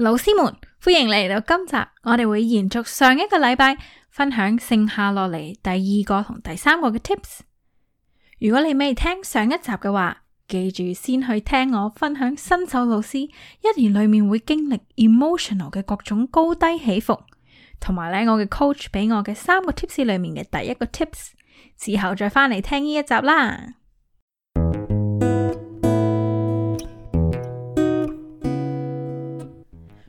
老師們歡迎嚟到今集，我哋會延續上一個禮拜分享剩下落嚟第二個同第三個嘅 tips。如果你未聽上一集嘅話，記住先去聽我分享新手老師一年裏面會經歷 emotional 嘅各種高低起伏，同埋呢我嘅 coach 俾我嘅三個 tips 裏面嘅第一個 tips 之後再返嚟聽呢一集啦。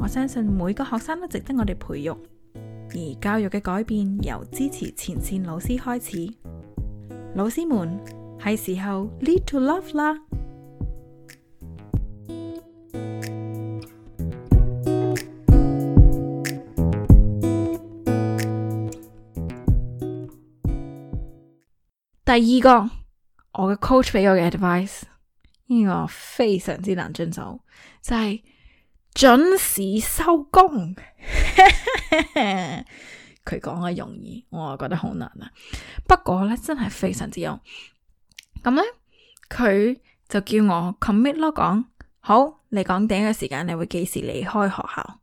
我相信每個學生都值得我哋培育，而教育嘅改變由支持前線老師開始。老師們，係時候 lead to love 啦。第二個，我嘅 coach 俾我嘅 advice，呢個非常之難遵守，就係、是。準時收工，佢講嘅容易，我啊覺得好難啊。不過咧，真係非常之有用。咁咧，佢就叫我 commit 咯，講好，你講第一個時間，你會幾時離開學校？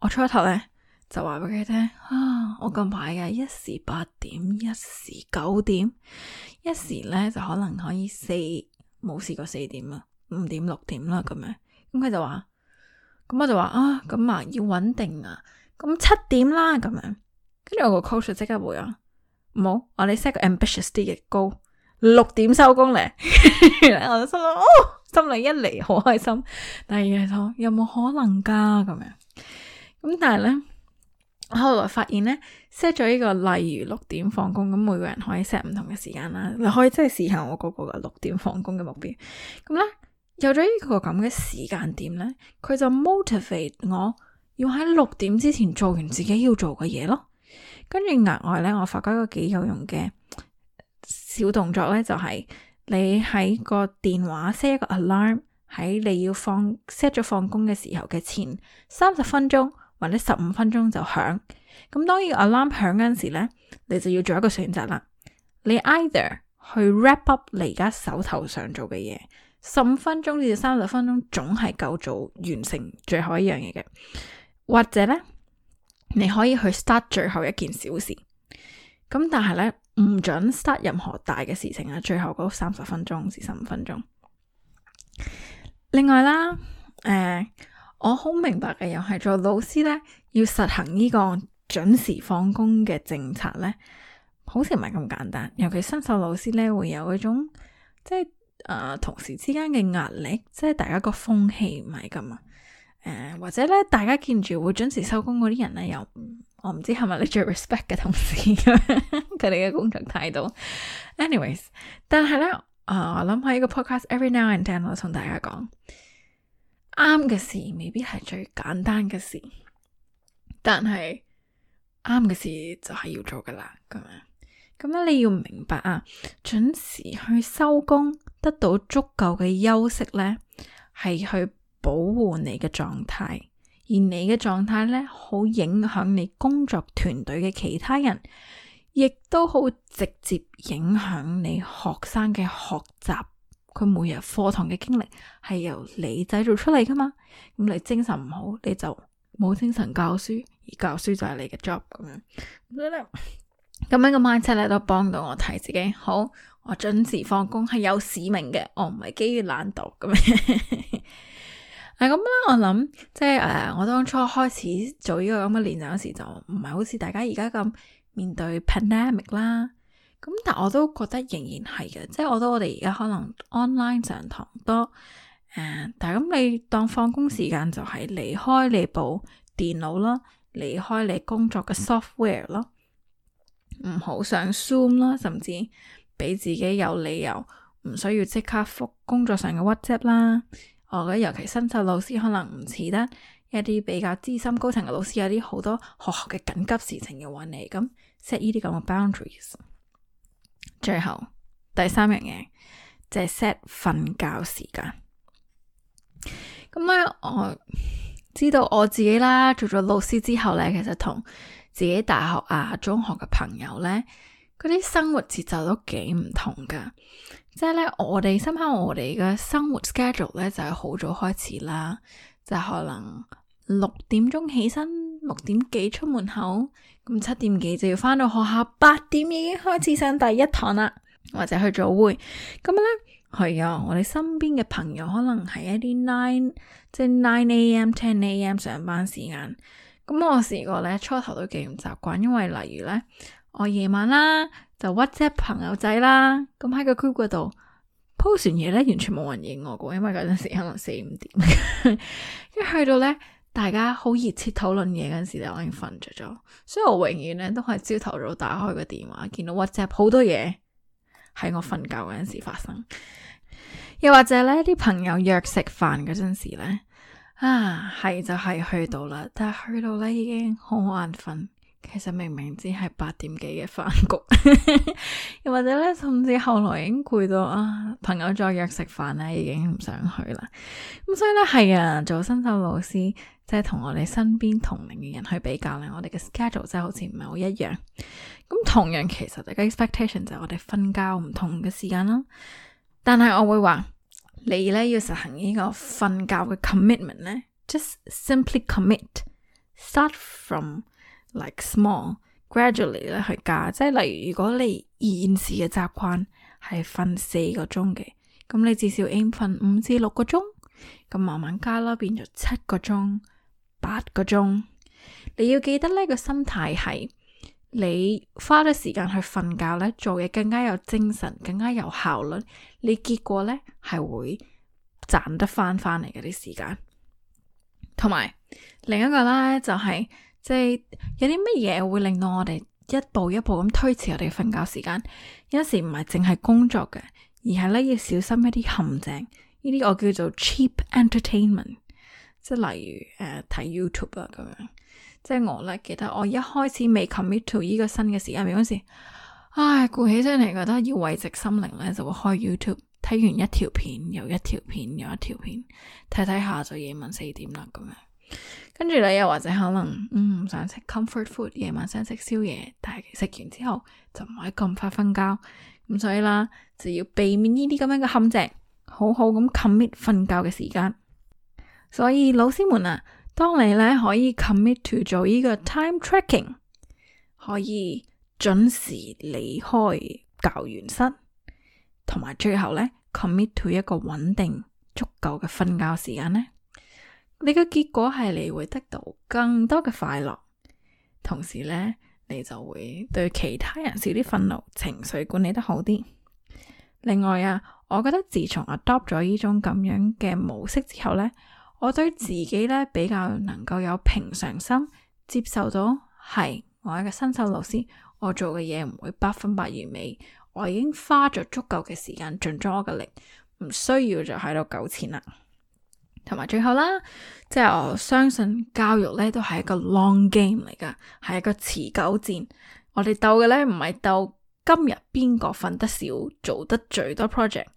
我初頭咧就話俾佢聽啊，我近排嘅，一時八點，一時九點，一時咧就可能可以四，冇試過四點啊，五點六點啦咁樣。咁，嗯，佢就話。咁、嗯、我就話啊，咁啊要穩定啊，咁七點啦咁樣，跟住我個 coach 即刻回啊，唔好，我哋 set 個 ambitious 啲嘅 goal，六點收工咧。 原來我心諗哦，心裏一嚟好開心，第二係講有冇可能噶咁樣，咁但係咧，後來發現咧 set 咗呢個例如六點放工，咁每個人可以 set 唔同嘅時間啦，你可以即係試下我嗰個嘅六點放工嘅目標，咁咧。有咗呢個咁嘅時間點呢？佢就 motivate 我要喺六點之前做完自己要做嘅嘢咯。跟住額外呢，我發覺一個幾有用嘅小動作呢，就係你喺個電話 set 一個 alarm 喺你要放 set 咗放工嘅時候嘅前三十分鐘或者十五分鐘就響。咁當個 alarm 響嗰陣時咧，你就要做一個選擇啦。你 either 去 wrap up 你而家手頭上做嘅嘢。十五分鐘至三十分鐘總係夠早完成最後一樣嘢嘅，或者咧，你可以去 start 最後一件小事，咁但係咧唔准 start 任何大嘅事情啦。最後嗰三十分鐘至十五分鐘，另外啦，誒、呃，我好明白嘅又係做老師咧，要實行呢個準時放工嘅政策咧，好似唔係咁簡單，尤其新手老師咧會有嗰種即係。Uh, 同事之間嘅壓力，即係大家個風氣唔係咁啊。Uh, 或者咧，大家見住會準時收工嗰啲人咧，又我唔知係咪你最 respect 嘅同事佢哋嘅工作態度。Anyways，但係咧，誒、uh，我諗開一個 podcast every now and then，我同大家講，啱嘅事未必係最簡單嘅事，但係啱嘅事就係要做噶啦，咁啊。咁你要明白啊，準時去收工，得到足夠嘅休息呢，係去保護你嘅狀態，而你嘅狀態呢，好影響你工作團隊嘅其他人，亦都好直接影響你學生嘅學習。佢每日課堂嘅經歷係由你製造出嚟噶嘛。咁你精神唔好，你就冇精神教書，而教書就係你嘅 job 咁。我咁樣個 mindset 咧，都幫到我睇自己。好，我準時放工係有使命嘅，我唔係基於懶惰咁、 嗯、樣。係咁啦，我諗即係誒、呃，我當初開始做呢個咁嘅練習嗰時，就唔係好似大家而家咁面對 pandemic 啦。咁、嗯、但係我，我都覺得仍然係嘅，即係我覺得我哋而家可能 online 上堂多誒、呃，但係咁你當放工時間就係離開你部電腦咯，離開你工作嘅 software 咯。唔好上 zoom 啦，甚至俾自己有理由唔需要即刻覆工作上嘅 WhatsApp 啦。我覺得尤其新手老師可能唔似得一啲比較資深高層嘅老師有啲好多學校嘅緊急事情要揾你，咁 set 呢啲咁嘅 boundaries。最後第三樣嘢就係 set 瞓覺時間。咁咧我知道我自己啦，做咗老師之後咧，其實同。自己大學啊、中學嘅朋友呢，嗰啲生活節奏都幾唔同㗎。即係呢，我哋深刻我哋嘅生活 schedule 呢，就係、係、好早開始啦，就係、可能六點鐘起身，六點幾出門口，咁七點幾就要返到學校，八點已經開始上第一堂啦，或者去早會。咁呢，係啊，我哋身邊嘅朋友可能係一啲 nine，即係 nine a.m. ten a.m. 上班時間。咁我試過咧，初頭都幾唔習慣，因為例如咧，我夜晚啦就 WhatsApp 朋友仔啦，咁喺個 group 嗰度 post 完嘢咧，完全冇人應我噶，因為嗰陣時可能四五點， 一去到咧，大家好熱切討論嘢嗰陣時，我已經瞓着咗，所以我永遠咧都係朝頭早打開個電話，見到 WhatsApp 好多嘢喺我瞓覺嗰陣時發生，又或者咧，啲朋友約食飯嗰陣時咧。啊，係就係去到啦，但係去到咧已經好眼瞓，其實明明知係八點幾嘅飯局，又 或者咧甚至後來已經攰到啊，朋友再約食飯咧已經唔想去啦，咁所以咧係啊，做新手老師即係、就是、同我哋身邊同齡嘅人去比較咧，我哋嘅 schedule 真係好似唔係好一樣，咁同樣其實大家 expectation 就係我哋瞓覺唔同嘅時間啦，但係我會話。你咧要實行呢個瞓覺嘅 commitment 咧 ，just simply commit，start from like small，gradually 咧去加，即係例如如果你現時嘅習慣係瞓四個鐘嘅，咁你至少應瞓五至六個鐘，咁慢慢加啦，變咗七個鐘、八個鐘。你要記得呢個心態係。你花咗時間去瞓覺咧，做嘢更加有精神，更加有效率。你結果咧係會賺得翻翻嚟嘅啲時間。同埋另一個咧就係、是、即係有啲乜嘢會令到我哋一步一步咁推遲我哋瞓覺時間？有時唔係淨係工作嘅，而係咧要小心一啲陷阱。呢啲我叫做 cheap entertainment，即係例如誒睇、呃、YouTube 啊咁樣。即係我咧，記得我一開始未 commit to 依個新嘅時間表嗰陣時，唉，攰起身嚟，覺得要慰藉心靈咧，就會開 YouTube 睇完一條片又一條片又一條片，睇睇下就夜晚四點啦咁樣。跟住你又或者可能，嗯，想食 comfort food，夜晚想食宵夜，但係食完之後就唔可以咁快瞓覺，咁所以啦，就要避免呢啲咁樣嘅陷阱，好好咁 commit 瞓覺嘅時間。所以老師們啊～當你咧可以 commit to 做呢個 time tracking，可以準時離開教員室，同埋最後咧 commit to 一個穩定足夠嘅瞓覺時間咧，你嘅結果係你會得到更多嘅快樂，同時咧你就會對其他人少啲憤怒，情緒管理得好啲。另外啊，我覺得自從 adopt 咗呢種咁樣嘅模式之後咧。我對自己咧比較能夠有平常心，接受到係我係一個新手老師，我做嘅嘢唔會百分百完美，我已經花咗足夠嘅時間，盡咗我嘅力，唔需要就喺度糾纏啦。同埋最後啦，即係我相信教育咧都係一個 long game 嚟噶，係一個持久戰。我哋鬥嘅咧唔係鬥今日邊個瞓得少，做得最多 project。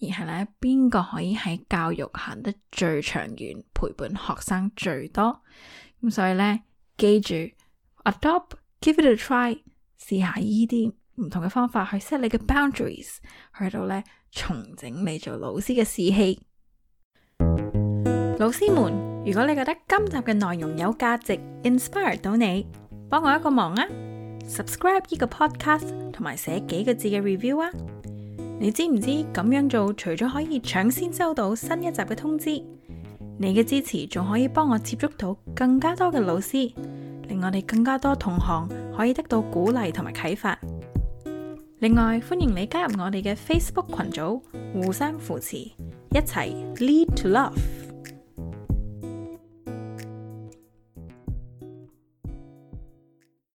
而係咧，邊個可以喺教育行得最長遠，陪伴學生最多？咁所以咧，記住，adopt，give it a try，試下依啲唔同嘅方法去 set 你嘅 boundaries，去到咧重整你做老師嘅士氣。老師們，如果你覺得今集嘅內容有價值，inspire 到你，幫我一個忙啊，subscribe 呢個 podcast，同埋寫幾個字嘅 review 啊！你知唔知咁樣做，除咗可以搶先收到新一集嘅通知，你嘅支持仲可以幫我接觸到更加多嘅老師，令我哋更加多同行可以得到鼓勵同埋啟發。另外，歡迎你加入我哋嘅 Facebook 群組，互相扶持，一齊 Lead to Love。